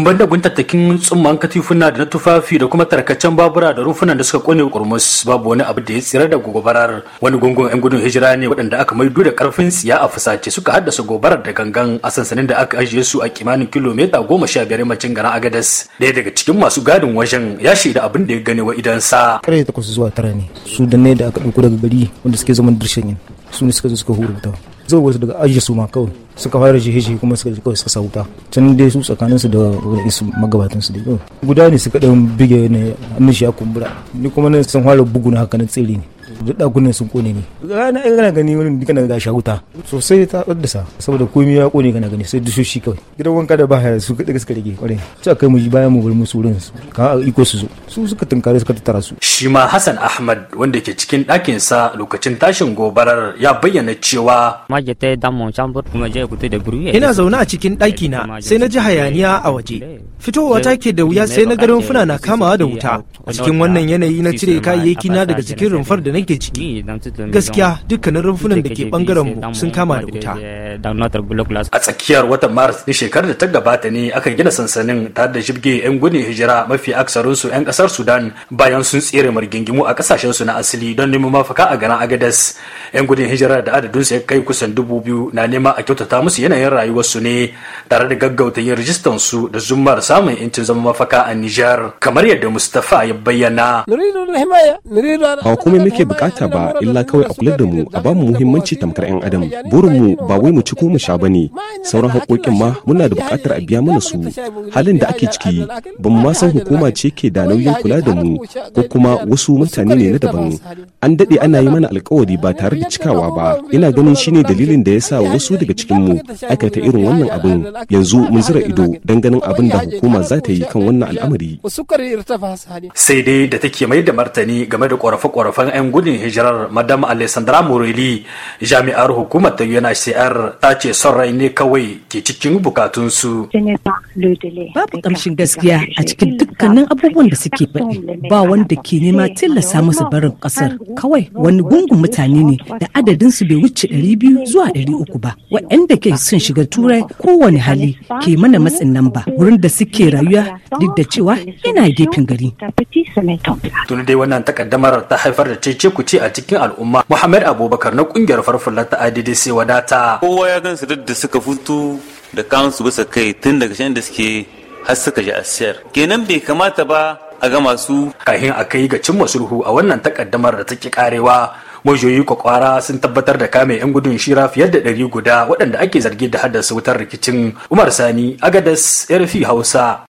banda guntattakin tsumman katifuna da na tufafi da kuma tarkacen babura da rufunan da suka kone kurmus babu wani abu da ya tsirar da gobarar wani gungun yan gudun hijira ne waɗanda aka maido da karfin tsiya a fusace suka haddasa gobarar da gangan a sansanin da aka ajiye su a kimanin kilomita goma sha biyar yammacin garin agadas ɗaya daga cikin masu gadin wajen ya shaida abin da ya gane wa sa. kare takwas zuwa tara ne su da ne da aka ɗauko daga gari wanda suke zaman dirshin yin su ne suka zo suka hura wuta zo wasu daga aji su ma kawai suka fara jihe kuma suka kawai suka sauta can dai su tsakanin su da isu magabatan su dai guda ne suka dan bige ne hannun ya kumbura ni kuma ne sun fara bugu na haka na tsiri ne duk dakunan sun kone ne rana ai kana gani wurin duka ga sharuta sosai ta tsaddasa saboda komai ya kone kana gani sai dushoshi kawai gidan wanka da baya su ka suka rage kware sai kai mu bayan mu bar musu wurin su ka iko su zo su suka tunkare suka tattara su shi ma Hassan Ahmad wanda ke cikin ɗakin sa lokacin tashin gobarar ya bayyana cewa ta da mon chamber kuma je ku da ina zaune a cikin ɗaki na sai na ji hayaniya a waje fitowa ta ke da wuya sai na ga rumfuna na kamawa da wuta a cikin wannan yanayi na cire kayayyaki na daga cikin rumfar da nake muke ciki gaskiya dukkanin rumfunan da ke bangaren mu sun kama da wuta a tsakiyar watan maris na shekarar da ta gabata ne aka gina sansanin tare da jibge yan gudun hijira mafi aksarin su yan kasar sudan bayan sun tsere margingimu a kasashen su na asali don neman mafaka a garin agadas yan gudun hijira da adadin su ya kai kusan dubu biyu na nema a kyautata musu yanayin rayuwar su ne tare da gaggauta yin rijistan su da zummar samun yancin zama mafaka a nijar kamar yadda mustafa ya bayyana muke bukata ba illa kawai a kula da mu a bamu muhimmanci tamkar 'yan adam burin mu ba wai mu ci ko mu sha ne sauran hakokin ma muna da bukatar a biya mana su halin da ake ciki ba mu ma san hukuma ce ke da nauyin kula da mu ko kuma wasu mutane ne na daban an daɗe ana yi mana alkawari ba tare da cikawa ba ina ganin shine dalilin da yasa wasu daga cikin mu aikata irin wannan abin yanzu mun zira ido don ganin abin da hukuma za ta yi kan wannan al'amari sai dai da take mai da martani game da ƙorafe-ƙorafen 'yan gudun hijirar madam alessandra morelli jami'ar hukumar ta unhcr ta ce son rai ne kawai ke cikin bukatunsu babu kamshin gaskiya a cikin dukkanin abubuwan da suke faɗi ba wanda ke nema tilasta musu barin ƙasar kawai wani gungun mutane ne da adadin su bai wuce ɗari biyu zuwa ɗari uku ba waɗanda ke son shiga turai kowane hali ke mana matsin nan ba wurin da suke rayuwa duk da cewa yana gefen gari tuni dai wannan takaddamar ta haifar da cece kuce a cikin al'umma Muhammad Abubakar na kungiyar farfullar ta sai wadata. Kowa ya gansu duk da suka fito da kansu bisa kai tun daga shan da suke har suka ji siyar. Kenan bai kamata ba a ga masu. Kahin a kai ga cimma sulhu a wannan takaddamar da take karewa majiyoyi kwakwara sun tabbatar da kame 'yan gudun shira fiye da ɗari guda waɗanda ake zargi da haddasa wutar rikicin umar sani agadas yarfi hausa